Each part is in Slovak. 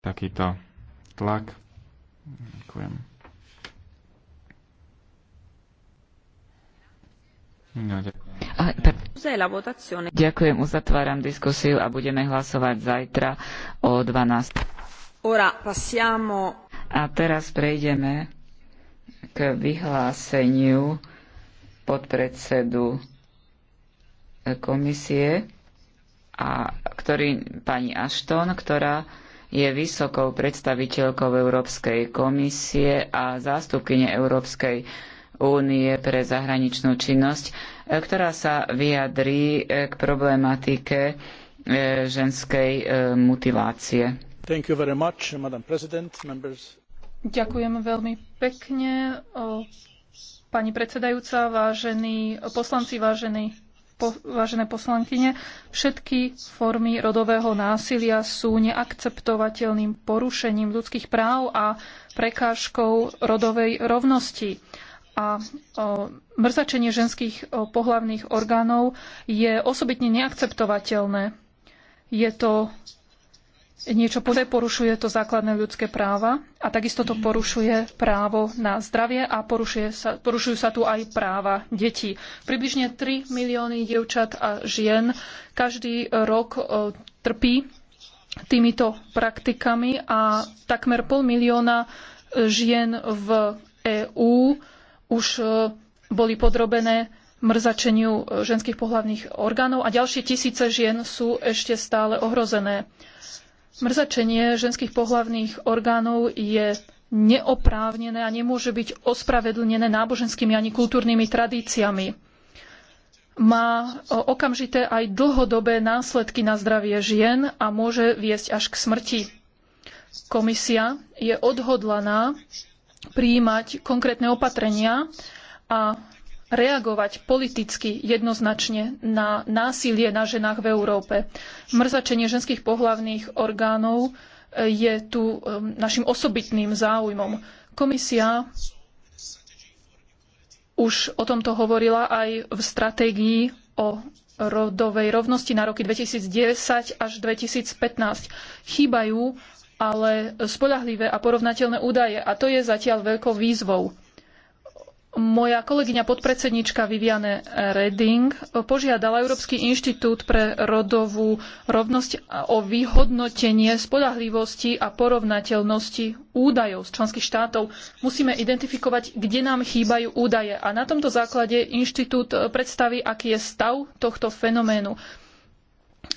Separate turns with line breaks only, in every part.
takýto tlak. Ďakujem. No,
ďakujem. ďakujem, uzatváram diskusiu a budeme hlasovať zajtra o 12. Ora passiamo... A teraz prejdeme k vyhláseniu podpredsedu komisie, a ktorý, pani Ashton, ktorá je vysokou predstaviteľkou Európskej komisie a zástupkyne Európskej únie pre zahraničnú činnosť, e, ktorá sa vyjadrí e, k problematike e, ženskej mutilácie.
Much,
Ďakujem veľmi pekne, pani predsedajúca, vážení poslanci, vážení vážené poslankyne, všetky formy rodového násilia sú neakceptovateľným porušením ľudských práv a prekážkou rodovej rovnosti. A o, mrzačenie ženských o, pohlavných orgánov je osobitne neakceptovateľné. Je to niečo porušuje to základné ľudské práva a takisto to porušuje právo na zdravie a sa, porušujú sa tu aj práva detí. Približne 3 milióny dievčat a žien každý rok e, trpí týmito praktikami a takmer pol milióna žien v EÚ už e, boli podrobené mrzačeniu e, ženských pohlavných orgánov a ďalšie tisíce žien sú ešte stále ohrozené. Mrzačenie ženských pohlavných orgánov je neoprávnené a nemôže byť ospravedlnené náboženskými ani kultúrnymi tradíciami. Má okamžité aj dlhodobé následky na zdravie žien a môže viesť až k smrti. Komisia je odhodlaná prijímať konkrétne opatrenia a reagovať politicky jednoznačne na násilie na ženách v Európe. Mrzačenie ženských pohlavných orgánov eh, je tu eh, našim osobitným záujmom. Komisia už o tomto hovorila aj v stratégii o rodovej rovnosti na roky 2010 až 2015. Chýbajú ale spoľahlivé a porovnateľné údaje a to je zatiaľ veľkou výzvou. Moja kolegyňa podpredsednička Viviane Reding požiadala Európsky inštitút pre rodovú rovnosť o vyhodnotenie spodahlivosti a porovnateľnosti údajov z členských štátov. Musíme identifikovať, kde nám chýbajú údaje a na tomto základe inštitút predstaví, aký je stav tohto fenoménu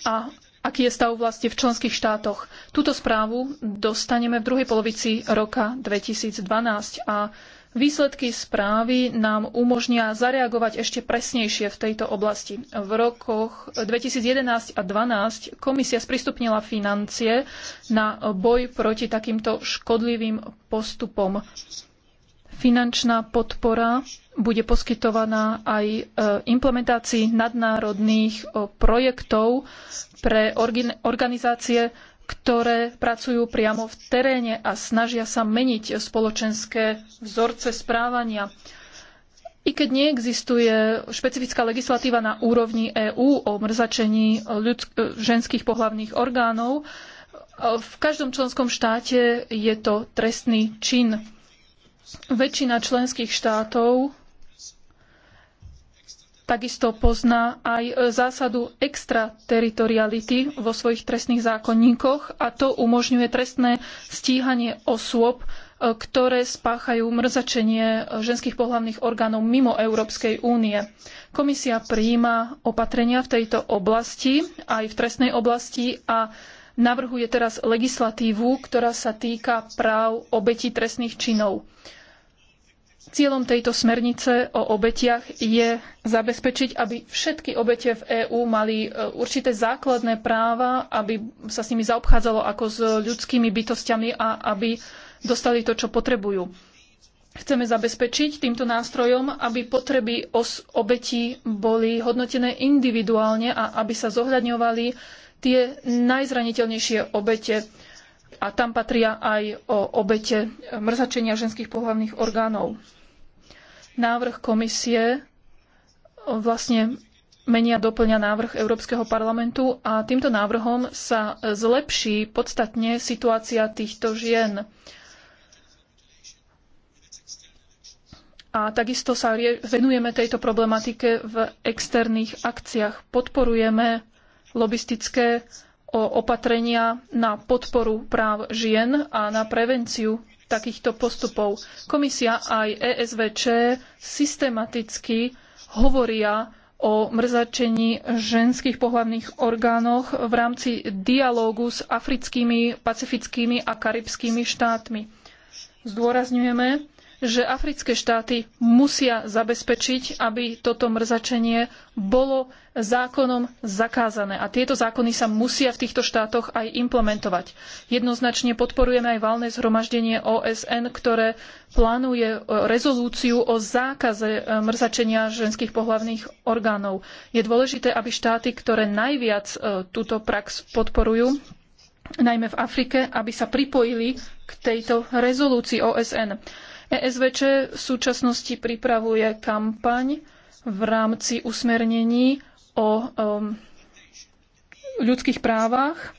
a aký je stav vlastne v členských štátoch. Túto správu dostaneme v druhej polovici roka 2012 a Výsledky správy nám umožnia zareagovať ešte presnejšie v tejto oblasti. V rokoch 2011 a 2012 komisia sprístupnila financie na boj proti takýmto škodlivým postupom. Finančná podpora bude poskytovaná aj e, implementácii nadnárodných e, projektov pre organizácie, ktoré pracujú priamo v teréne a snažia sa meniť spoločenské vzorce správania. I keď neexistuje špecifická legislatíva na úrovni EÚ o mrzačení ženských pohlavných orgánov, v každom členskom štáte je to trestný čin. Väčšina členských štátov takisto pozná aj e, zásadu extrateritoriality vo svojich trestných zákonníkoch a to umožňuje trestné stíhanie osôb, e, ktoré spáchajú mrzačenie e, ženských pohlavných orgánov mimo Európskej únie. Komisia prijíma opatrenia v tejto oblasti, aj v trestnej oblasti a navrhuje teraz legislatívu, ktorá sa týka práv obetí trestných činov. Cieľom tejto smernice o obetiach je zabezpečiť, aby všetky obete v EÚ mali e, určité základné práva, aby sa s nimi zaobchádzalo ako s ľudskými bytostiami a aby dostali to, čo potrebujú. Chceme zabezpečiť týmto nástrojom, aby potreby os obetí boli hodnotené individuálne a aby sa zohľadňovali tie najzraniteľnejšie obete a tam patria aj o obete mrzačenia ženských pohľavných orgánov. Návrh komisie vlastne menia doplňa návrh Európskeho parlamentu a týmto návrhom sa zlepší podstatne situácia týchto žien. A takisto sa venujeme tejto problematike v externých akciách. Podporujeme lobistické o opatrenia na podporu práv žien a na prevenciu takýchto postupov. Komisia aj ESVČ systematicky hovoria o mrzačení ženských pohlavných orgánoch v rámci dialógu s africkými, pacifickými a karibskými štátmi. Zdôrazňujeme, že africké štáty musia zabezpečiť, aby toto mrzačenie bolo zákonom zakázané. A tieto zákony sa musia v týchto štátoch aj implementovať. Jednoznačne podporujeme aj valné zhromaždenie OSN, ktoré plánuje e, rezolúciu o zákaze e, mrzačenia ženských pohlavných orgánov. Je dôležité, aby štáty, ktoré najviac e, túto prax podporujú, najmä v Afrike, aby sa pripojili k tejto rezolúcii OSN. ESVČ v súčasnosti pripravuje kampaň v rámci usmernení o um, ľudských právach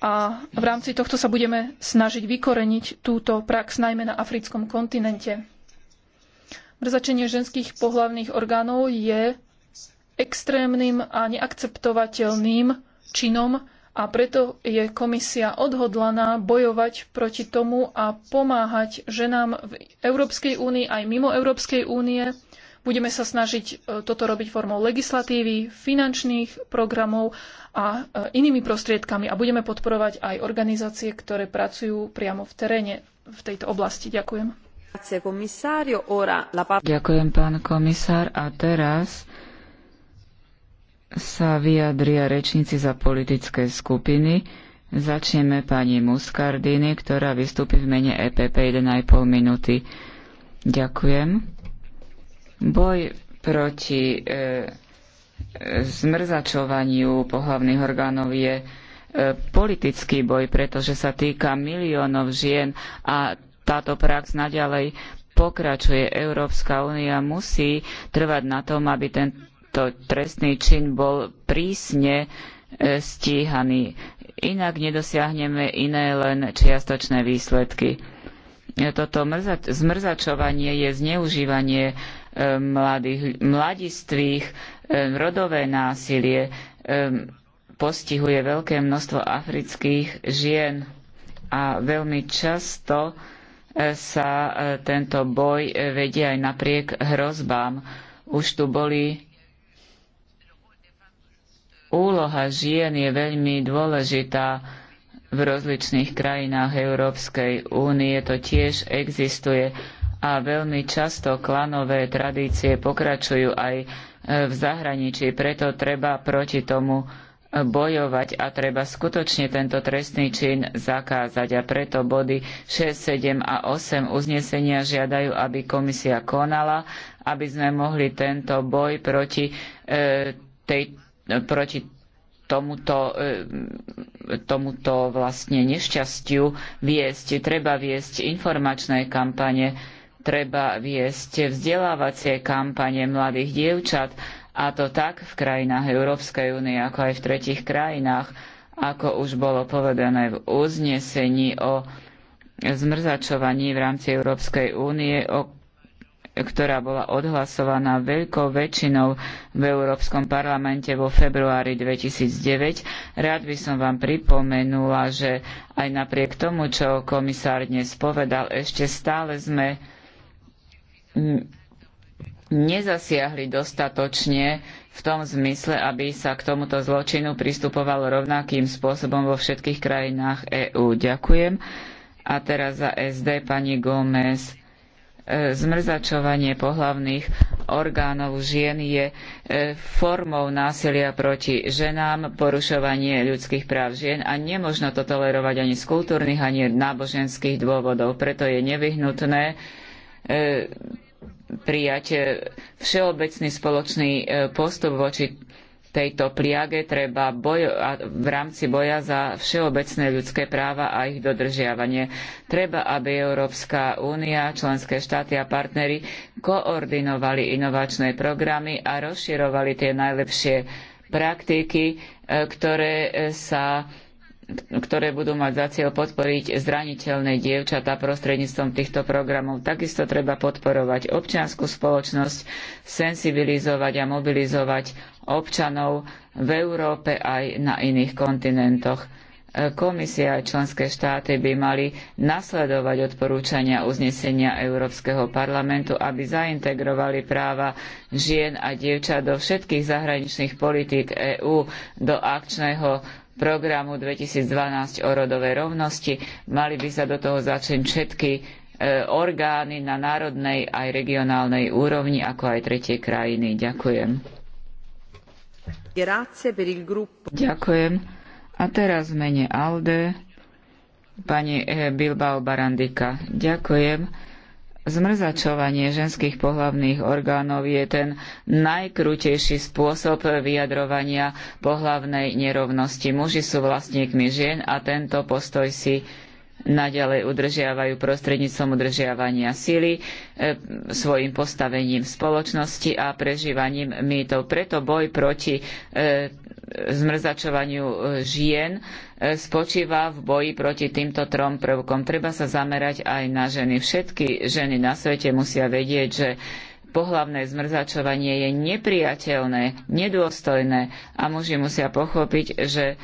a v rámci tohto sa budeme snažiť vykoreniť túto prax najmä na africkom kontinente. Mrzačenie ženských pohlavných orgánov je extrémnym a neakceptovateľným činom, a preto je komisia odhodlaná bojovať proti tomu a pomáhať ženám v Európskej únii aj mimo Európskej únie. Budeme sa snažiť e, toto robiť formou legislatívy, finančných programov a e, inými prostriedkami. A budeme podporovať aj organizácie, ktoré pracujú priamo v teréne v tejto oblasti. Ďakujem.
Ďakujem, pán komisár. A teraz sa vyjadria rečníci za politické skupiny. Začneme pani Muscardini, ktorá vystúpi v mene EPP 1,5 minúty. Ďakujem. Boj proti e, zmrzačovaniu pohlavných orgánov je e, politický boj, pretože sa týka miliónov žien a táto prax naďalej pokračuje. Európska únia musí trvať na tom, aby ten tento trestný čin bol prísne e, stíhaný. Inak nedosiahneme iné len čiastočné výsledky. E, toto zmrzačovanie je zneužívanie e, mladých, mladistvých, rodové násilie postihuje veľké množstvo afrických žien a veľmi často sa tento boj vedie aj napriek hrozbám. Už tu boli úloha žien je veľmi dôležitá v rozličných krajinách Európskej únie. To tiež existuje a veľmi často klanové tradície pokračujú aj e, v zahraničí. Preto treba proti tomu e, bojovať a treba skutočne tento trestný čin zakázať. A preto body 6, 7 a 8 uznesenia žiadajú, aby komisia konala, aby sme mohli tento boj proti e, tej, E, proti tomuto, e, tomuto vlastne nešťastiu viesť. Treba viesť informačné kampane, treba viesť vzdelávacie kampane mladých dievčat, a to tak v krajinách Európskej únie, ako aj v tretich krajinách, ako už bolo povedané v uznesení o zmrzačovaní v rámci Európskej únie, o ktorá bola odhlasovaná veľkou väčšinou v Európskom parlamente vo februári 2009. Rád by som vám pripomenula, že aj napriek tomu, čo komisár dnes povedal, ešte stále sme nezasiahli dostatočne v tom zmysle, aby sa k tomuto zločinu pristupovalo rovnakým spôsobom vo všetkých krajinách EÚ. Ďakujem. A teraz za SD pani Gómez. E, zmrzačovanie pohlavných orgánov žien je e, formou násilia proti ženám, porušovanie ľudských práv žien a nemožno to tolerovať ani z kultúrnych, ani náboženských dôvodov. Preto je nevyhnutné e, prijať všeobecný spoločný postup voči tejto pliage treba v rámci boja za všeobecné ľudské práva a ich dodržiavanie. Treba, aby Európska únia, členské štáty a partnery koordinovali inovačné programy a rozširovali tie najlepšie praktiky, e, ktoré e, sa ktoré budú mať za cieľ podporiť zraniteľné dievčatá prostredníctvom týchto programov. Takisto treba podporovať občiansku spoločnosť, sensibilizovať a mobilizovať občanov v Európe aj na iných kontinentoch. Komisia a členské štáty by mali nasledovať odporúčania uznesenia Európskeho parlamentu, aby zaintegrovali práva žien a dievčat do všetkých zahraničných politík EÚ, do akčného programu 2012 o rodovej rovnosti. Mali by sa do toho začať všetky e, orgány na národnej aj regionálnej úrovni, ako aj tretie krajiny. Ďakujem. Ďakujem. A teraz mene Alde, pani e, Bilbao Barandika. Ďakujem. Zmrzačovanie ženských pohlavných orgánov je ten najkrutejší spôsob vyjadrovania pohlavnej nerovnosti. Muži sú vlastníkmi žien a tento postoj si naďalej udržiavajú prostredníctvom udržiavania sily, e, svojim postavením v spoločnosti a prežívaním mýtov. Preto boj proti e, zmrzačovaniu e, žien spočíva v boji proti týmto trom prvkom. Treba sa zamerať aj na ženy. Všetky ženy na svete musia vedieť, že pohlavné zmrzačovanie je neprijateľné, nedôstojné a muži musia pochopiť, že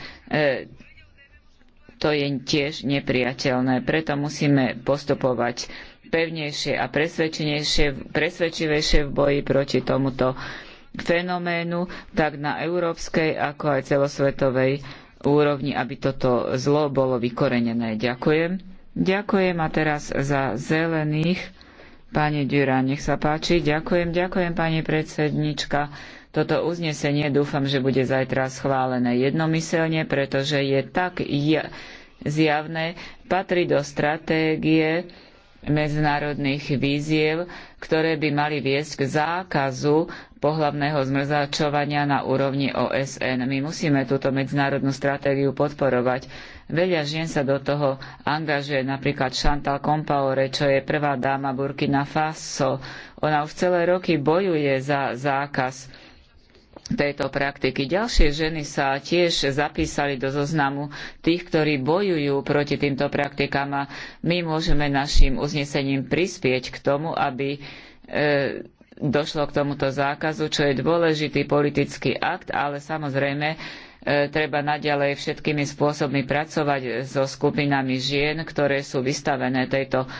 to je tiež neprijateľné. Preto musíme postupovať pevnejšie a presvedčivejšie v boji proti tomuto fenoménu, tak na európskej, ako aj celosvetovej úrovni, aby toto zlo bolo vykorenené. Ďakujem. Ďakujem a teraz za zelených. Pani Dura, nech sa páči. Ďakujem, ďakujem, pani predsednička. Toto uznesenie dúfam, že bude zajtra schválené jednomyselne, pretože je tak zjavné, patrí do stratégie medzinárodných víziev, ktoré by mali viesť k zákazu pohlavného zmrzačovania na úrovni OSN. My musíme túto medzinárodnú stratégiu podporovať. Veľa žien sa do toho angažuje, napríklad Chantal Compaore, čo je prvá dáma Burkina Faso. Ona už celé roky bojuje za zákaz tejto praktiky. Ďalšie ženy sa tiež zapísali do zoznamu tých, ktorí bojujú proti týmto praktikám a my môžeme našim uznesením prispieť k tomu, aby e, došlo k tomuto zákazu, čo je dôležitý politický akt, ale samozrejme e, treba naďalej všetkými spôsobmi pracovať so skupinami žien, ktoré sú vystavené tejto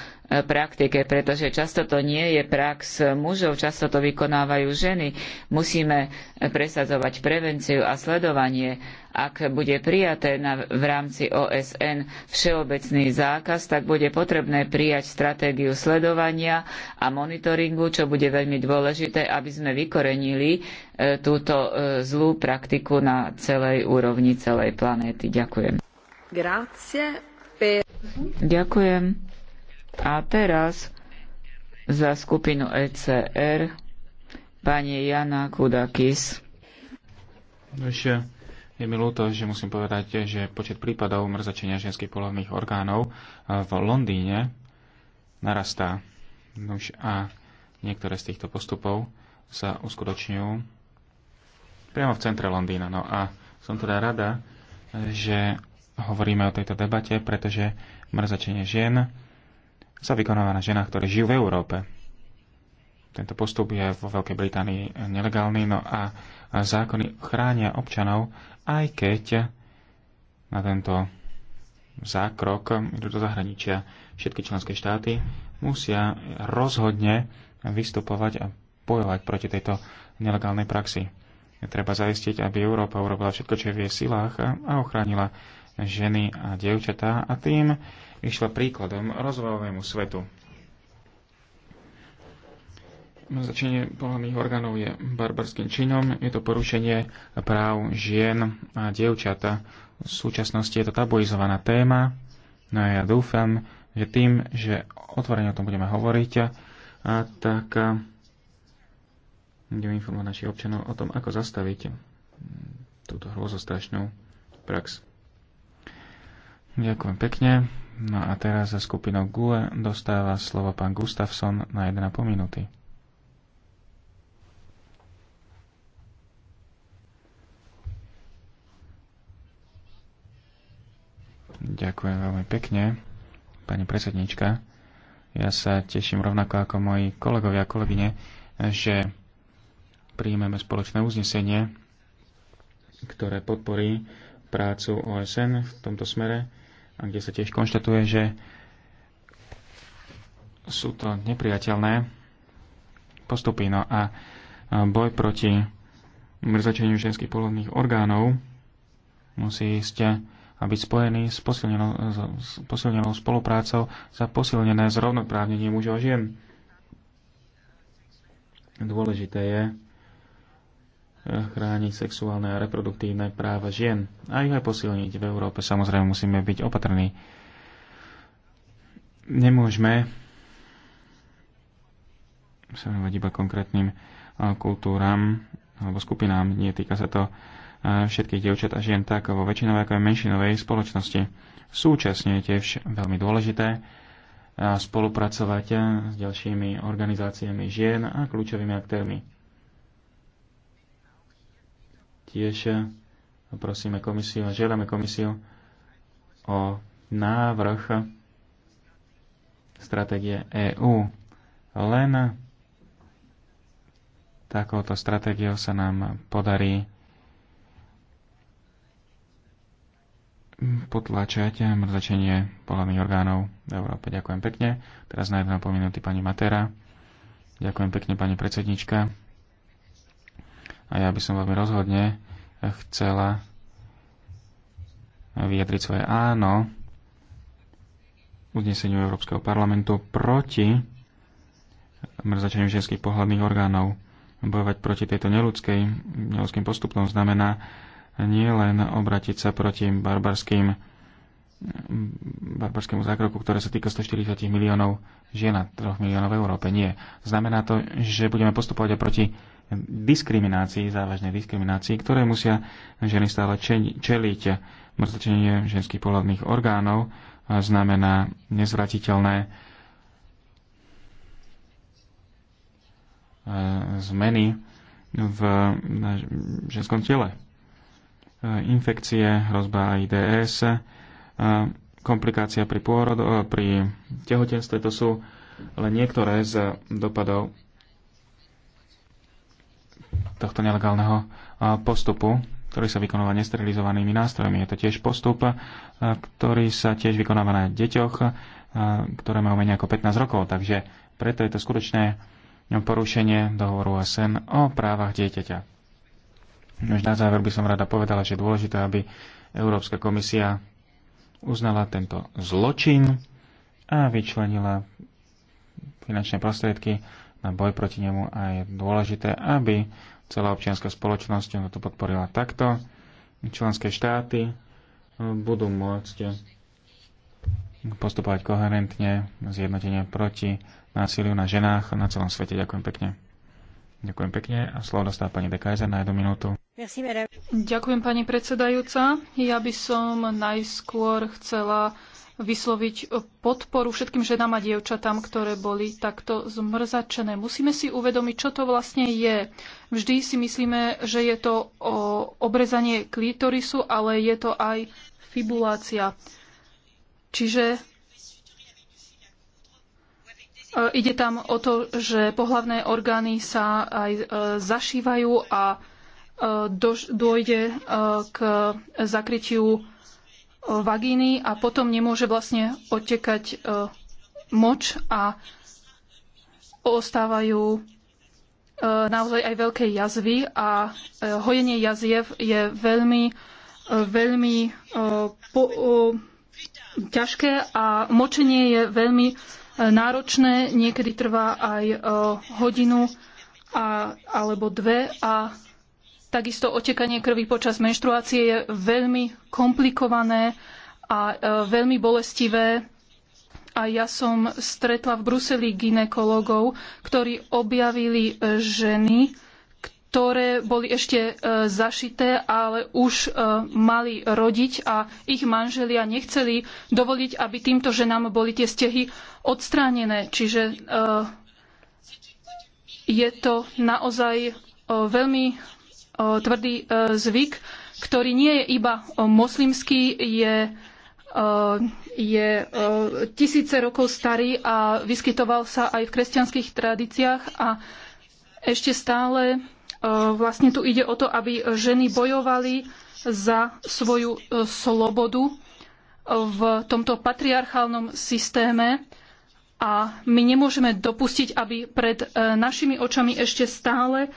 praktike, pretože často to nie je prax mužov, často to vykonávajú ženy. Musíme presadzovať prevenciu a sledovanie. Ak bude prijaté na, v rámci OSN všeobecný zákaz, tak bude potrebné prijať stratégiu sledovania a monitoringu, čo bude veľmi dôležité, aby sme vykorenili e, túto e, zlú praktiku na celej úrovni celej planéty. Ďakujem. Grazie. Ďakujem. A teraz za skupinu ECR pani Jana Kudakis. Ešte
je mi ľúto, že musím povedať, že počet prípadov mrzačenia ženských polovných orgánov eh, v Londýne narastá. Nuž a niektoré z týchto postupov sa uskutočňujú priamo v centre Londýna. No a som teda rada, že hovoríme o tejto debate, pretože mrzačenie žien sa vykonáva na ženách, ktoré žijú v Európe. Tento postup je vo Veľkej Británii nelegálny, no a zákony chránia občanov, aj keď na tento zákrok idú do zahraničia. Všetky členské štáty musia rozhodne vystupovať a bojovať proti tejto nelegálnej praxi. Treba zaistiť, aby Európa urobila všetko, čo je v jej silách a ochránila ženy a dievčatá a tým išla príkladom rozvojovému svetu. Začenie pohľadných orgánov je barbarským činom, je to porušenie práv žien a dievčata. V súčasnosti je to tabuizovaná téma, no a ja dúfam, že tým, že otvorene o tom budeme hovoriť, a tak budeme informovať našich občanov o tom, ako zastaviť mm, túto hrozostrašnú prax. Ďakujem pekne. No a teraz za skupinou GUE dostáva slovo pán Gustafsson na 1,5 minúty. Ďakujem veľmi pekne, pani predsednička. Ja sa teším rovnako ako moji kolegovia a kolegyne, že príjmeme spoločné uznesenie, ktoré podporí prácu OSN v tomto smere a kde sa tiež konštatuje, že sú to nepriateľné postupy. No a boj proti mrzačeniu ženských polovných orgánov musí ísť a byť spojený s posilnenou, s posilnenou spoluprácou za posilnené zrovnoprávnenie mužov a žien. Dôležité je, chrániť sexuálne a reproduktívne práva žien a ich aj posilniť. V Európe samozrejme musíme byť opatrní. Nemôžeme sa venovať iba konkrétnym kultúram alebo skupinám. Nie týka sa to všetkých dievčat a žien tak vo väčšinovej ako aj menšinovej spoločnosti. Súčasne je tiež veľmi dôležité spolupracovať s ďalšími organizáciami žien a kľúčovými aktérmi Tiež eh, prosíme komisiu žiadame komisiu o návrh stratégie EÚ. Len takouto stratégiou sa nám podarí potlačať mrzačenie pohľadných orgánov v Európe. Ďakujem pekne. Teraz na jedno pominutý pani Matera. Ďakujem pekne, pani predsednička a ja by som veľmi rozhodne chcela vyjadriť svoje áno uzneseniu Európskeho parlamentu proti mrzačeniu ženských pohľadných orgánov. Bojovať proti tejto neludskej, neludským postupom znamená nielen obratiť sa proti barbarským barbarskému zákroku, ktoré sa týka 140 miliónov žien a 3 miliónov v Európe. Nie. Znamená to, že budeme postupovať aj proti diskriminácii, závažnej diskriminácii, ktoré musia ženy stále čeliť. Mrzačenie ženských pohľadných orgánov znamená nezvratiteľné zmeny v ženskom tele. Infekcie, hrozba IDS, komplikácia pri, pôrodu, pri tehotenstve, to sú len niektoré z dopadov tohto nelegálneho postupu, ktorý sa vykonáva nesterilizovanými nástrojmi. Je to tiež postup, ktorý sa tiež vykonáva na deťoch, ktoré majú menej ako 15 rokov. Takže preto je to skutočné porušenie dohovoru OSN o právach dieťaťa. Už na záver by som rada povedala, že je dôležité, aby Európska komisia uznala tento zločin a vyčlenila finančné prostriedky na boj proti nemu a je dôležité, aby celá občianská spoločnosť ho to podporila takto. Členské štáty e, budú môcť postupovať koherentne, zjednotenie proti násiliu na ženách na celom svete. Ďakujem pekne. Ďakujem pekne a slovo dostáva pani Dekajzer na jednu minútu.
Ďakujem pani predsedajúca. Ja by som najskôr chcela vysloviť podporu všetkým ženám a dievčatám, ktoré boli takto zmrzačené. Musíme si uvedomiť, čo to vlastne je. Vždy si myslíme, že je to obrezanie klítorisu, ale je to aj fibulácia. Čiže e, ide tam o to, že pohlavné orgány sa aj e, zašívajú a e, dojde k zakrytiu E, vagíny a potom nemôže vlastne odtekať e, moč a ostávajú e, naozaj aj veľké jazvy a hojenie jaziev je veľmi, veľmi po, ťažké a močenie je veľmi náročné, niekedy trvá aj hodinu a, alebo dve a Takisto otekanie krvi počas menštruácie je veľmi komplikované a e, veľmi bolestivé. A ja som stretla v Bruseli ginekologov, ktorí objavili e, ženy, ktoré boli ešte e, zašité, ale už mali rodiť a ich manželia nechceli dovoliť, aby týmto ženám boli tie stehy odstránené. Čiže je to naozaj veľmi tvrdý e, zvyk, ktorý nie je iba moslimský, je, je tisíce rokov starý a vyskytoval sa aj v kresťanských tradíciách a ešte stále vlastne tu ide o to, aby ženy bojovali za svoju e, slobodu e, v tomto patriarchálnom systéme a my nemôžeme dopustiť, aby pred našimi očami ešte stále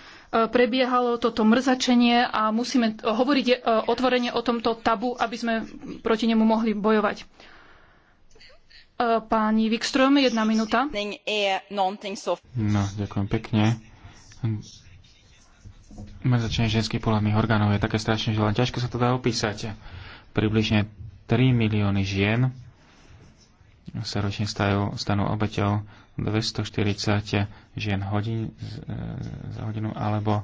prebiehalo toto mrzačenie a musíme hovoriť e, otvorene o tomto tabu, aby sme proti nemu mohli bojovať. E, pani Wikström, jedna minúta. No,
ďakujem pekne. Mrzačenie ženských pohľadných orgánov je také strašné, že len ťažko sa to dá opísať. Približne 3 milióny žien sa ročne stajú, stanú obeťou 240 žien hodin, e, za hodinu alebo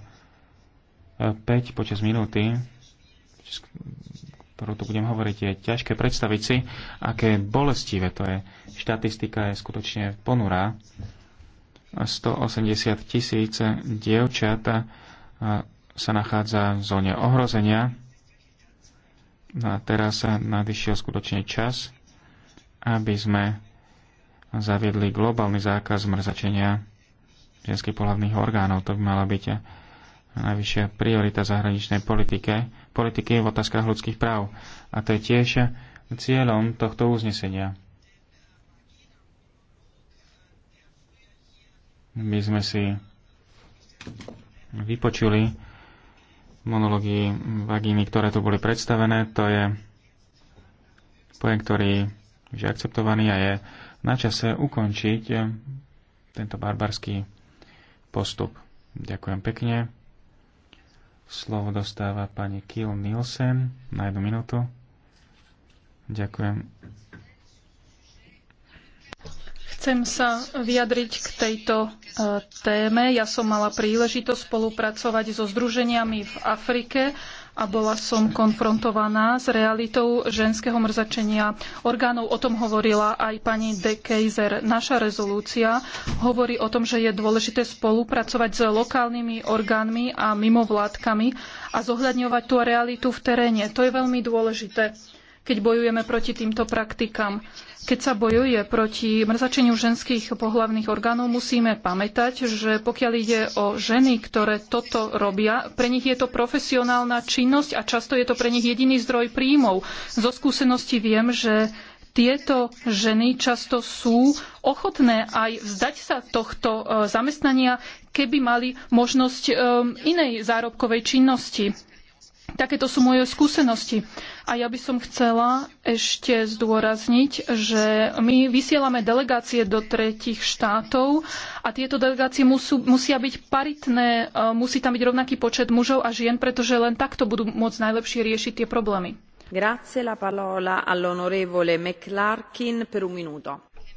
5 e, počas minúty, ktorú tu budem hovoriť, je ťažké predstaviť si, aké bolestivé to je. Štatistika je skutočne ponurá. 180 tisíc dievčat e, sa nachádza v zóne ohrozenia. No a teraz sa nadišiel skutočne čas, aby sme zaviedli globálny zákaz mrzačenia ženských pohľavných orgánov. To by mala byť najvyššia priorita zahraničnej politike, politiky v otázkach ľudských práv. A to je tiež cieľom tohto uznesenia. My sme si vypočuli monológii vagíny, ktoré tu boli predstavené. To je pojem, ktorý že akceptovaný a je na čase ukončiť eh, tento barbarský postup. Ďakujem pekne. Slovo dostáva pani Kiel Nielsen na jednu minútu. Ďakujem.
Chcem sa vyjadriť k tejto eh, téme. Ja som mala príležitosť spolupracovať so združeniami v Afrike a bola som konfrontovaná s realitou ženského mrzačenia orgánov. O tom hovorila aj pani De Kejzer. Naša rezolúcia hovorí o tom, že je dôležité spolupracovať s lokálnymi orgánmi a mimovládkami a zohľadňovať tú realitu v teréne. To je veľmi dôležité keď bojujeme proti týmto praktikám. Keď sa bojuje proti mrzačeniu ženských pohlavných orgánov, musíme pamätať, že pokiaľ ide o ženy, ktoré toto robia, pre nich je to profesionálna činnosť a často je to pre nich jediný zdroj príjmov. Zo skúsenosti viem, že tieto ženy často sú ochotné aj vzdať sa tohto e, zamestnania, keby mali možnosť e, inej zárobkovej činnosti. Takéto sú moje skúsenosti. A ja by som chcela ešte zdôrazniť, že my vysielame delegácie do tretich štátov a tieto delegácie musú, musia byť paritné, e, musí tam byť rovnaký počet mužov a žien, pretože len takto budú môcť najlepšie riešiť tie problémy.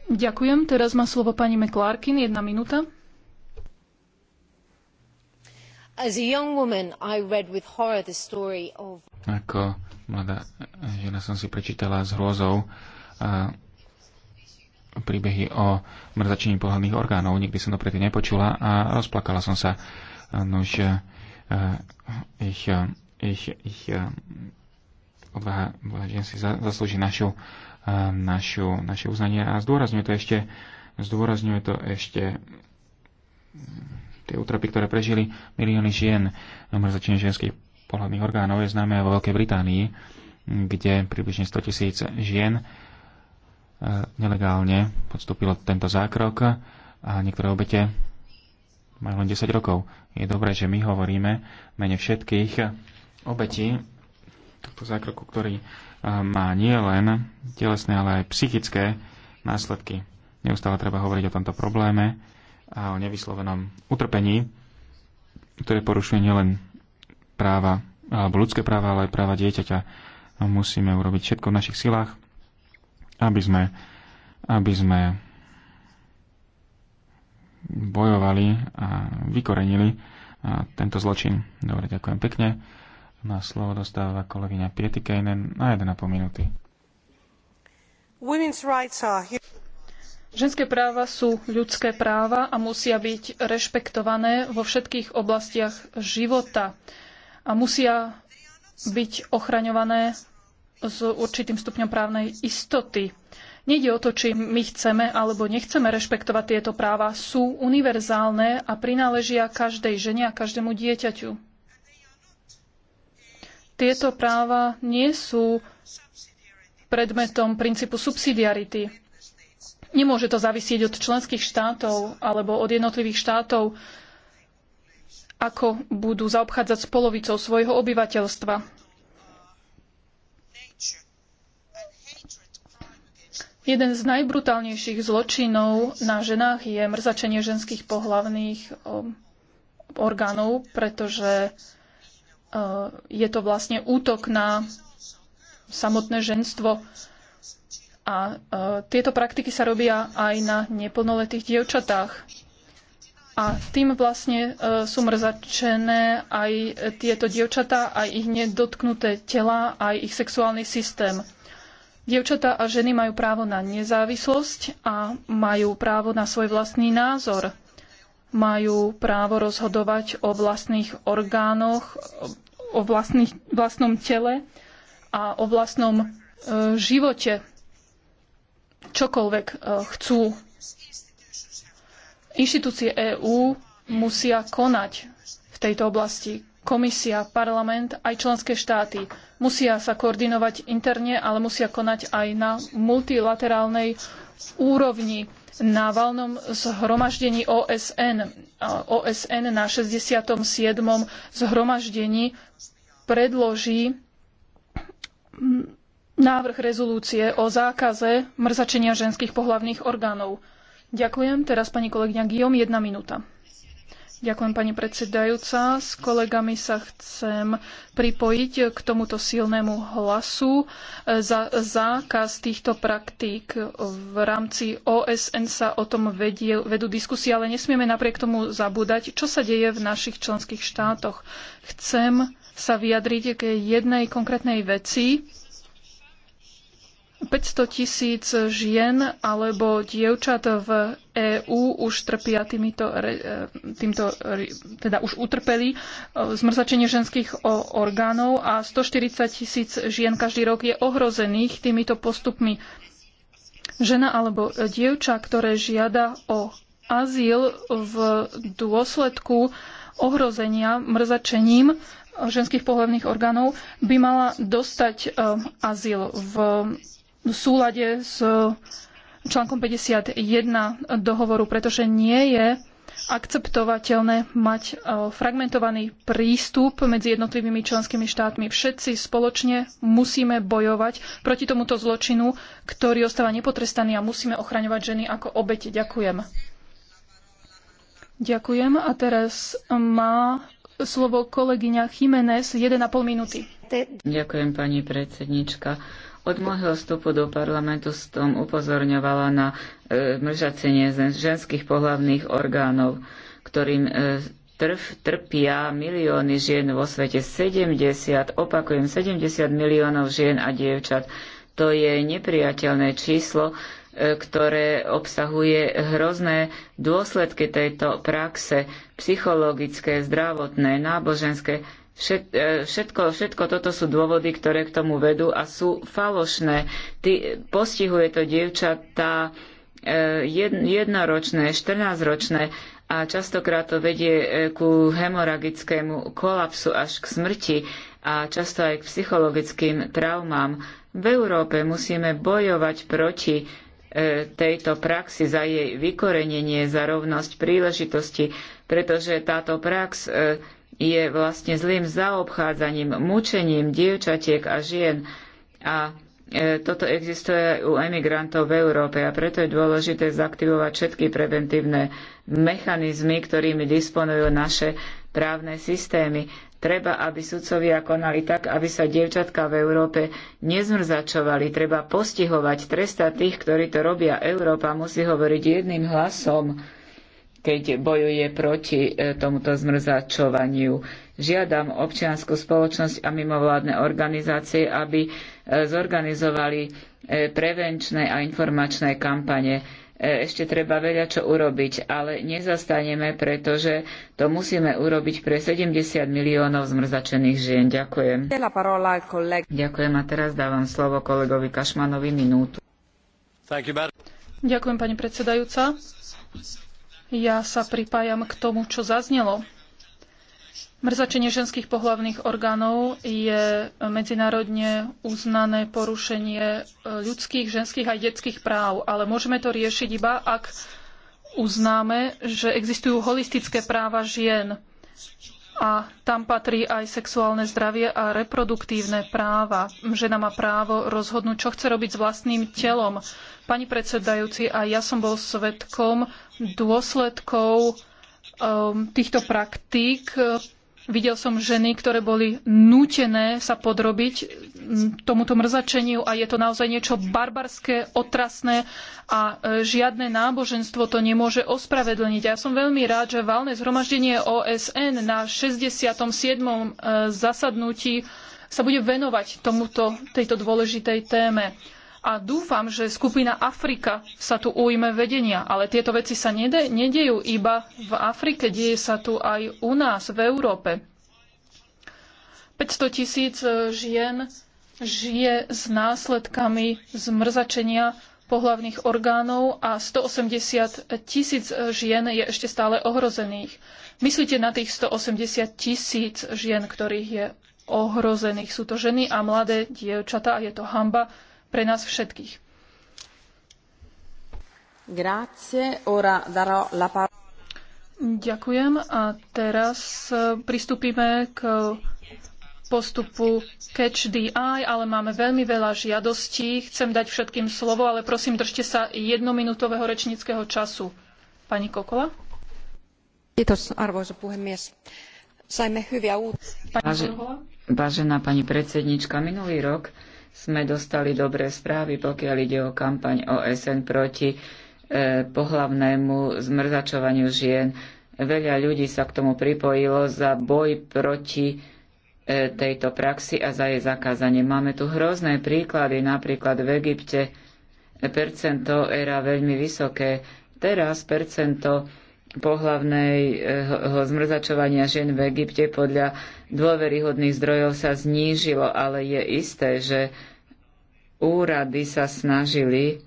Ďakujem. Teraz má slovo pani McClarkin. Jedna minúta.
Ako
mladá žena som si prečítala s hrôzou príbehy o mrzačení pohľadných orgánov. Nikdy som to predtým nepočula a rozplakala som sa. Nož e, e, e, ich, ich, ich odvaha žien si zaslúži našu, našu, naše uznanie a zdôrazňuje to ešte zdôrazňuje to ešte tie útrapy, ktoré prežili milióny žien, no mrzačenie ženských pohľadných orgánov je známe aj vo Veľkej Británii, kde približne 100 tisíc žien e, nelegálne podstúpilo tento zákrok a niektoré obete majú len 10 rokov. Je dobré, že my hovoríme mene všetkých obetí tohto zákroku, ktorý e, má nielen telesné, ale aj psychické následky. Neustále treba hovoriť o tomto probléme a o nevyslovenom utrpení, ktoré porušuje nielen práva, alebo ľudské práva, ale aj práva dieťaťa. Musíme urobiť všetko v našich silách, aby sme, aby sme bojovali a vykorenili tento zločin. Dobre, ďakujem pekne. Na slovo dostáva kolegyňa Pietikejnen na 1,5 minúty.
Ženské práva sú ľudské práva a musia byť rešpektované vo všetkých oblastiach života a musia byť ochraňované s určitým stupňom právnej istoty. Nejde o to, či my chceme alebo nechceme rešpektovať tieto práva. Sú univerzálne a prináležia každej žene a každému dieťaťu. Tieto práva nie sú predmetom princípu subsidiarity. Nemôže to zavisieť od členských štátov alebo od jednotlivých štátov, ako budú zaobchádzať s polovicou svojho obyvateľstva. Jeden z najbrutálnejších zločinov na ženách je mrzačenie ženských pohlavných um, orgánov, pretože uh, je to vlastne útok na samotné ženstvo. A e, tieto praktiky sa robia aj na neplnoletých dievčatách. A tým vlastne e, sú mrzačené aj tieto dievčatá, aj ich nedotknuté tela, aj ich sexuálny systém. Dievčatá a ženy majú právo na nezávislosť a majú právo na svoj vlastný názor. Majú právo rozhodovať o vlastných orgánoch, o vlastných, vlastnom tele a o vlastnom e, živote čokoľvek eh, chcú. Inštitúcie EÚ musia konať v tejto oblasti. Komisia, parlament, aj členské štáty musia sa koordinovať interne, ale musia konať aj na multilaterálnej úrovni na valnom zhromaždení OSN. OSN na 67. zhromaždení predloží mm, návrh rezolúcie o zákaze mrzačenia ženských pohlavných orgánov. Ďakujem. Teraz pani kolegyňa Guillaume, jedna minúta. Ďakujem, pani predsedajúca. S kolegami sa chcem pripojiť k tomuto silnému hlasu e, za zákaz týchto praktík. V rámci OSN sa o tom vedie, vedú diskusie, ale nesmieme napriek tomu zabúdať, čo sa deje v našich členských štátoch. Chcem sa vyjadriť k jednej konkrétnej veci, 500 tisíc žien alebo dievčat v EÚ už trpia týmito, e, týmto, teda už utrpeli e, zmrzačenie ženských orgánov a 140 tisíc žien každý rok je ohrozených týmito postupmi. Žena alebo dievča, ktoré žiada o azyl v dôsledku ohrozenia mrzačením ženských pohľavných orgánov by mala dostať e, azyl v v súlade s e, článkom 51 dohovoru, pretože nie je akceptovateľné mať e, fragmentovaný prístup medzi jednotlivými členskými štátmi. Všetci spoločne musíme bojovať proti tomuto zločinu, ktorý ostáva nepotrestaný a musíme ochraňovať ženy ako obete. Ďakujem. Ďakujem a teraz má slovo kolegyňa Jiménez 1,5 minúty.
Ďakujem pani predsednička. Od môjho vstupu do parlamentu som upozorňovala na e, mržacenie ženských pohlavných orgánov, ktorým e, trf, trpia milióny žien vo svete. 70, opakujem, 70 miliónov žien a dievčat. To je nepriateľné číslo, e, ktoré obsahuje hrozné dôsledky tejto praxe, psychologické, zdravotné, náboženské, E, všetko, všetko toto sú dôvody, ktoré k tomu vedú a sú falošné. Ty, postihuje to dievčatá e, jednoročné, 14-ročné a častokrát to vedie e, ku hemoragickému kolapsu až k smrti a často aj k psychologickým traumám. V Európe musíme bojovať proti tejto praxi, za jej vykorenenie, za rovnosť príležitosti, pretože táto prax je vlastne zlým zaobchádzaním, mučením dievčatiek a žien a e, toto existuje aj u emigrantov v Európe a preto je dôležité zaktivovať všetky preventívne mechanizmy, ktorými disponujú naše právne systémy. Treba, aby sudcovia konali tak, aby sa dievčatka v Európe nezmrzačovali. Treba postihovať, trestať tých, ktorí to robia. Európa musí hovoriť jedným hlasom keď bojuje proti e, tomuto zmrzačovaniu. Žiadam občianskú spoločnosť a mimovládne organizácie, aby e, zorganizovali e, prevenčné a informačné kampane. Ešte treba veľa čo urobiť, ale nezastaneme, pretože to musíme urobiť pre 70 miliónov zmrzačených žien. Ďakujem. Ďakujem a teraz dávam slovo kolegovi Kašmanovi minútu.
Ďakujem, pani predsedajúca. Ja sa pripájam k tomu, čo zaznelo. Mrzačenie ženských pohlavných orgánov je medzinárodne uznané porušenie e, ľudských, ženských aj detských práv, ale môžeme to riešiť iba, ak uznáme, že existujú holistické práva žien a tam patrí aj sexuálne zdravie a reproduktívne práva. Žena má právo rozhodnúť, čo chce robiť s vlastným telom. Pani predsedajúci, aj ja som bol svetkom dôsledkov um, týchto praktík. Videl som ženy, ktoré boli nútené sa podrobiť um, tomuto mrzačeniu a je to naozaj niečo barbarské, otrasné a e, žiadne náboženstvo to nemôže ospravedlniť. Ja som veľmi rád, že valné zhromaždenie OSN na 67. E, zasadnutí sa bude venovať tomuto, tejto dôležitej téme a dúfam, že skupina Afrika sa tu ujme vedenia. Ale tieto veci sa nede, nedejú iba v Afrike, deje sa tu aj u nás, v Európe. 500 tisíc e, žien žije s následkami zmrzačenia pohlavných orgánov a 180 tisíc e, žien je ešte stále ohrozených. Myslíte na tých 180 tisíc žien, ktorých je ohrozených. Sú to ženy a mladé dievčatá a je to hamba pre nás všetkých.
Grazie, ora darò la
Ďakujem a teraz e, pristúpime k postupu Catch the Eye, ale máme veľmi veľa žiadostí. Chcem dať všetkým slovo, ale prosím, držte sa jednominútového rečníckého času. Pani Kokola?
Vážená pani predsednička, minulý rok sme dostali dobré správy, pokiaľ ide o kampaň OSN proti e, pohlavnému zmrzačovaniu žien. Veľa ľudí sa k tomu pripojilo za boj proti e, tejto praxi a za jej zakázanie. Máme tu hrozné príklady, napríklad v Egypte percento era veľmi vysoké, teraz percento pohlavného eh, zmrzačovania žien v Egypte podľa dôveryhodných zdrojov sa znížilo, ale je isté, že úrady sa snažili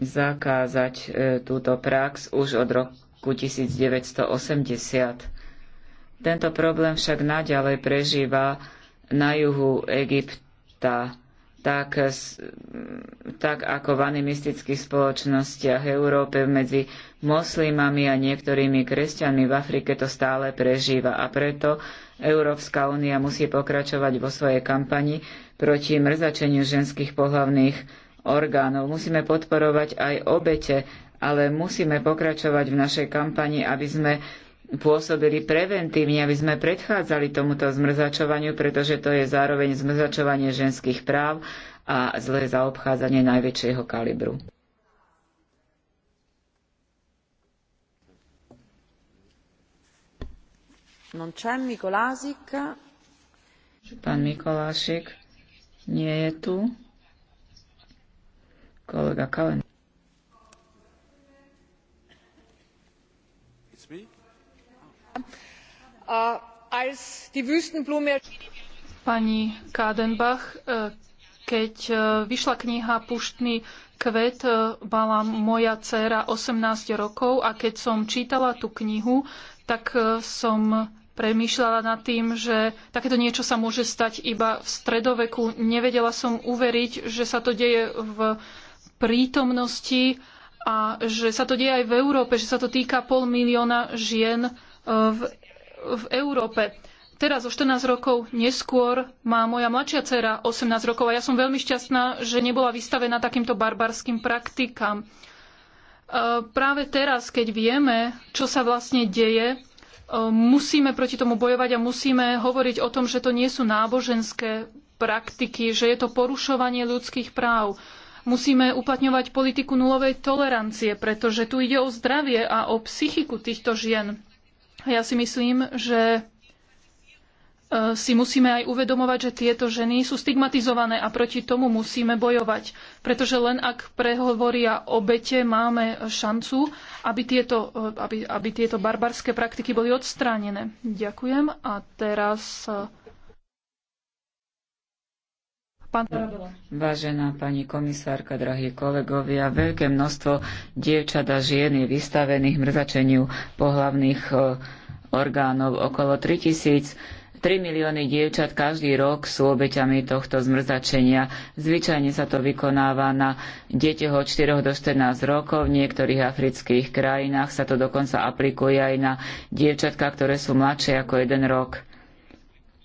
zakázať eh, túto prax už od roku 1980. Tento problém však naďalej prežíva na juhu Egypta tak, tak ako v animistických spoločnostiach Európe medzi moslimami a niektorými kresťanmi v Afrike to stále prežíva. A preto Európska únia musí pokračovať vo svojej kampani proti mrzačeniu ženských pohlavných orgánov. Musíme podporovať aj obete, ale musíme pokračovať v našej kampani, aby sme pôsobili preventívne, aby sme predchádzali tomuto zmrzačovaniu, pretože to je zároveň zmrzačovanie ženských práv a zlé zaobchádzanie najväčšieho kalibru. Non c'è Pán Mikolášik nie je tu. Kolega Kalen.
Pani Kádenbach, e, keď e, vyšla kniha Puštný kvet, e, mala moja dcéra 18 rokov a keď som čítala tú knihu, tak som premýšľala nad tým, že takéto niečo sa môže stať iba v stredoveku. Nevedela som uveriť, že sa to deje v prítomnosti a že sa to deje aj v Európe, že sa to týka pol milióna žien v, v Európe. Teraz o 14 rokov neskôr má moja mladšia dcéra 18 rokov a ja som veľmi šťastná, že nebola vystavená takýmto barbarským praktikám. E, práve teraz, keď vieme, čo sa vlastne deje, e, musíme proti tomu bojovať a musíme hovoriť o tom, že to nie sú náboženské praktiky, že je to porušovanie ľudských práv. Musíme uplatňovať politiku nulovej tolerancie, pretože tu ide o zdravie a o psychiku týchto žien. Ja si myslím, že e, si musíme aj uvedomovať, že tieto ženy sú stigmatizované a proti tomu musíme bojovať. Pretože len ak prehovoria obete, máme šancu, aby tieto, e, aby, aby tieto barbarské praktiky boli odstránené. Ďakujem. A teraz e, Pán
Vážená pani komisárka, drahí kolegovia, veľké množstvo dievčat a žien je vystavených mrzačeniu pohlavných e, orgánov. Okolo 3000 3 milióny dievčat každý rok sú obeťami tohto zmrzačenia. Zvyčajne sa to vykonáva na deteho od 4 do 14 rokov. V niektorých afrických krajinách sa to dokonca aplikuje aj na dievčatka, ktoré sú mladšie ako 1 rok.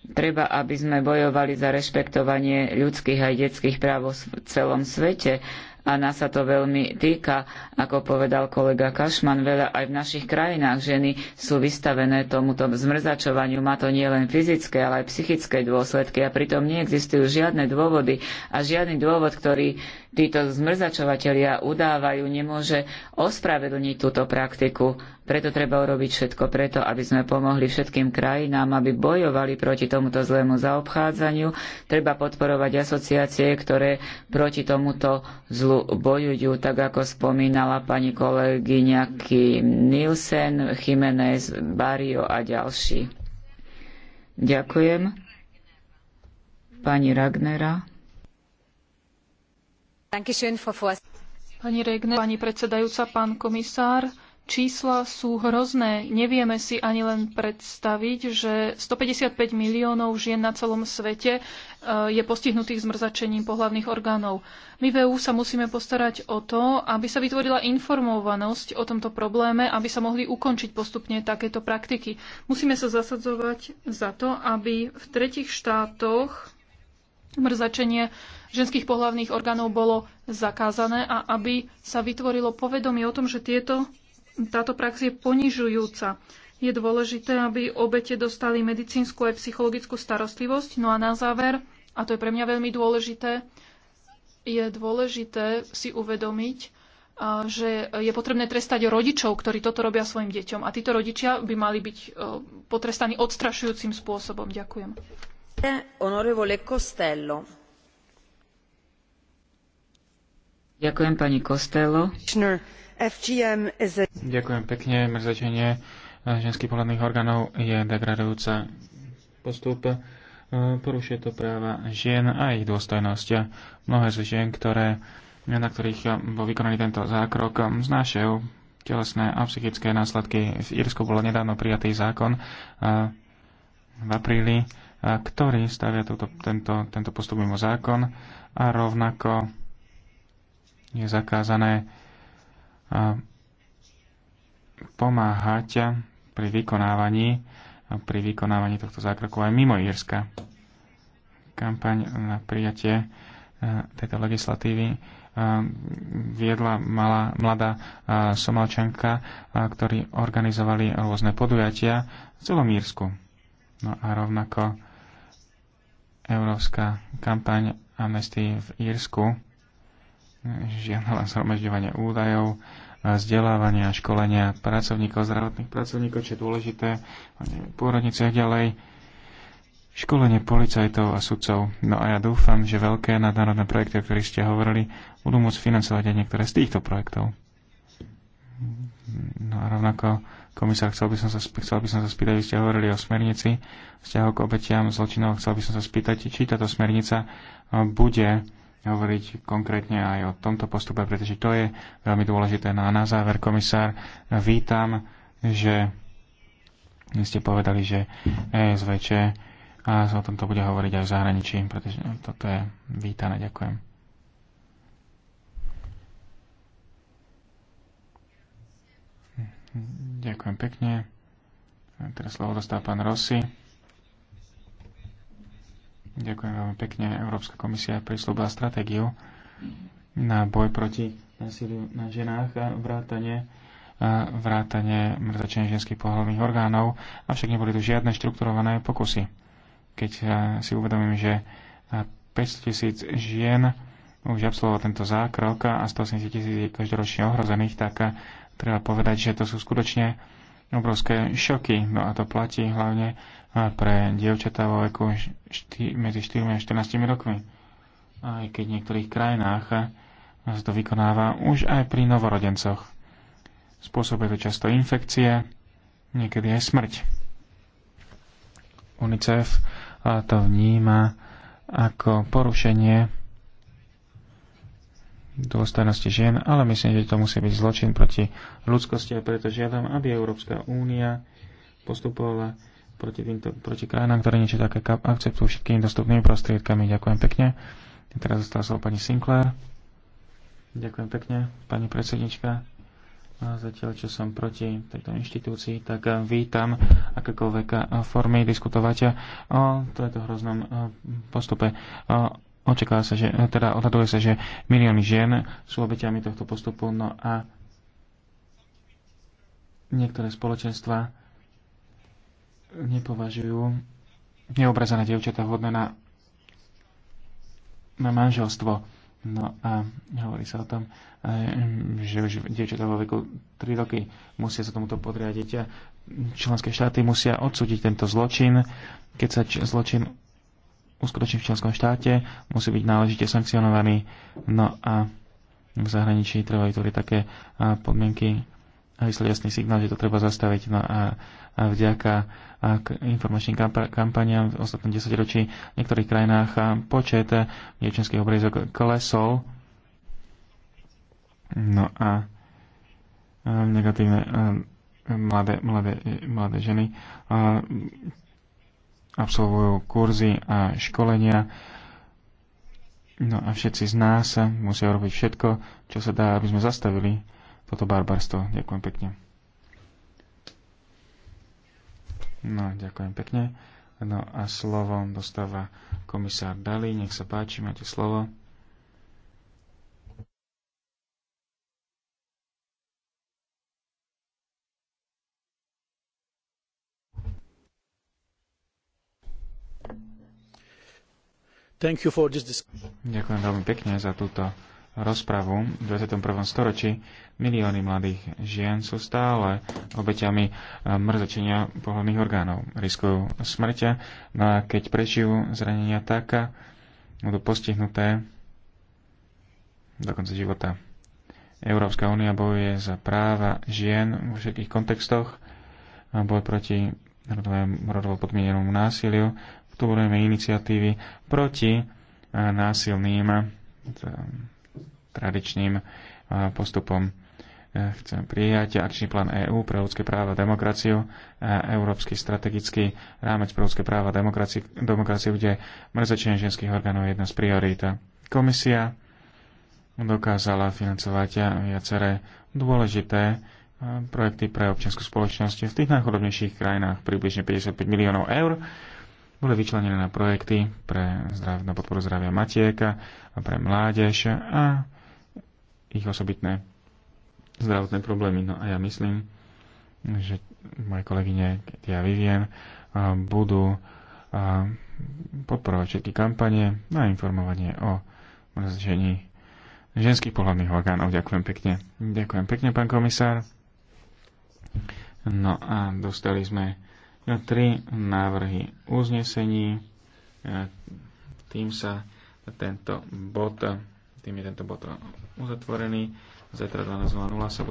Treba, aby sme bojovali za rešpektovanie ľudských aj detských práv v celom svete a nás sa to veľmi týka. Ako povedal kolega Kašman, veľa aj v našich krajinách ženy sú vystavené tomuto zmrzačovaniu. Má to nielen fyzické, ale aj psychické dôsledky a pritom neexistujú žiadne dôvody a žiadny dôvod, ktorý títo zmrzačovatelia udávajú, nemôže ospravedlniť túto praktiku. Preto treba urobiť všetko preto, aby sme pomohli všetkým krajinám, aby bojovali proti tomuto zlému zaobchádzaniu. Treba podporovať asociácie, ktoré proti tomuto zlu bojujú, tak ako spomínala pani kolegyňa Kim Nielsen, Jiménez, Barrio a ďalší. Ďakujem. Pani Ragnera.
Pani Regner, pani predsedajúca, pán komisár, čísla sú hrozné. Nevieme si ani len predstaviť, že 155 miliónov žien na celom svete e, je postihnutých zmrzačením pohlavných orgánov. My v EÚ sa musíme postarať o to, aby sa vytvorila informovanosť o tomto probléme, aby sa mohli ukončiť postupne takéto praktiky. Musíme sa zasadzovať za to, aby v tretich štátoch mrzačenie ženských pohlavných orgánov bolo zakázané a aby sa vytvorilo povedomie o tom, že tieto, táto prax je ponižujúca. Je dôležité, aby obete dostali medicínsku aj psychologickú starostlivosť. No a na záver, a to je pre mňa veľmi dôležité, je dôležité si uvedomiť, že je potrebné trestať rodičov, ktorí toto robia svojim deťom. A títo rodičia by mali byť e, potrestaní odstrašujúcim spôsobom. Ďakujem.
Onorevole Costello.
Ďakujem pani Costello. Ďakujem pekne. Mrzačenie ženských pohľadných orgánov je degradujúca postup. Porušuje to práva žien a ich dôstojnosť. Mnohé z žien, ktoré, na ktorých bol vykonaný tento zákrok, znášajú telesné a psychické následky. V Írsku bol nedávno prijatý zákon v apríli, ktorý stavia túto, tento, tento postup mimo zákon a rovnako je zakázané pomáhať pri vykonávaní, pri vykonávaní tohto zákroku aj mimo Írska. Kampaň na prijatie tejto legislatívy viedla malá, mladá somalčanka, ktorí organizovali rôzne podujatia v celom Írsku. No a rovnako európska kampaň Amnesty v Írsku žiadala zhromažďovanie údajov, vzdelávania, školenia pracovníkov, zdravotných pracovníkov, čo je dôležité, a ďalej, školenie policajtov a sudcov. No a ja dúfam, že veľké nadnárodné projekty, o ktorých ste hovorili, budú môcť financovať aj niektoré z týchto projektov. No a rovnako, komisár, chcel by som sa, chcel by som sa spýtať, vy ste hovorili o smernici vzťahu k obetiam zločinov, chcel by som sa spýtať, či táto smernica bude hovoriť konkrétne aj o tomto postupe, pretože to je veľmi dôležité. No a na záver, komisár, vítam, že ste povedali, že ESVČ a o tomto bude hovoriť aj v zahraničí, pretože toto je vítané. Ďakujem. Hm, hm, hm. Ďakujem pekne. teraz slovo dostáva pán Rossi. Ďakujem veľmi pekne. Európska komisia prislúbila stratégiu na boj proti násiliu na ženách a vrátanie vrátane mrzačenia ženských pohľadných orgánov, avšak neboli tu žiadne štrukturované pokusy. Keď si uvedomím, že 500 tisíc žien už absolvovalo tento zákrok a 180 tisíc je každoročne ohrozených, tak treba povedať, že to sú skutočne obrovské šoky. No a to platí hlavne eh, pre dievčatá vo veku šty, medzi 4 a 14 rokmi. Aj keď v niektorých krajinách eh, sa to vykonáva už aj pri novorodencoch. Spôsobuje to často infekcie, niekedy aj smrť. UNICEF eh, to vníma ako porušenie dôstojnosti žien, ale myslím, že to musí byť zločin proti ľudskosti a preto žiadam, aby Európska únia postupovala proti, týmto, proti krajinám, ktoré niečo také akceptujú všetkými dostupnými prostriedkami. Ďakujem pekne. Teraz zostala slovo pani Sinclair. Ďakujem pekne, pani predsednička. A zatiaľ, čo som proti tejto inštitúcii, tak e, vítam akékoľvek e, formy diskutovať e, o tomto hroznom postupe očakáva sa, že, teda odhaduje sa, že milióny žien sú obeťami tohto postupu, no a niektoré spoločenstva nepovažujú neobrazené dievčatá hodné na, na manželstvo. No a hovorí sa o tom, eh, že už dievčatá vo veku 3 roky musia sa tomuto podriadiť a členské štáty musia odsúdiť tento zločin. Keď sa zločin uskutočniť v členskom štáte, musí byť náležite sankcionovaný. No a v zahraničí treba vytvoriť také podmienky a vyslať jasný signál, že to treba zastaviť. No a, vďaka k informačným kampaniám v ostatnom desaťročí v niektorých krajinách počet dievčenských obrezok klesol. No a, negatívne mladé, mladé, mladé ženy absolvujú kurzy a školenia. No a všetci z nás musia robiť všetko, čo sa dá, aby sme zastavili toto barbarstvo. Ďakujem pekne. No, ďakujem pekne. No a slovo dostáva komisár Dali. Nech sa páči, máte slovo.
This...
Ďakujem veľmi pekne za túto rozpravu v 21. storočí. Milióny mladých žien sú stále obeťami eh, mrzačenia pohľadných orgánov. Riskujú smrťa, no a keď prežijú zranenia taká, eh, budú postihnuté do konca života. Európska únia bojuje za práva žien vo všetkých kontextoch, boj proti rodovému, rodovo podmienenému násiliu, podporujeme iniciatívy proti eh, násilným eh, tradičným eh, postupom. Chcem prijať akčný plán EÚ pre ľudské práva a demokraciu, Európsky strategický rámec pre ľudské práva a demokraciu, kde mrzačenie ženských orgánov je jedna z priorít. Komisia dokázala financovať viaceré dôležité projekty pre občianskú spoločnosť v tých najchudobnejších krajinách približne 55 miliónov eur boli vyčlenené na projekty pre zdrav, na podporu zdravia matieka, a pre mládež a ich osobitné zdravotné problémy. No a ja myslím, že moje kolegyne, keď ja vyviem, budú podporovať všetky kampanie na informovanie o mrazení ženských pohľadných orgánov. Ďakujem pekne. Ďakujem pekne, pán komisár. No a dostali sme tri návrhy uznesení. E, tým sa tento bod, tým je tento bod uzatvorený. Zajtra 12.00 sa
bude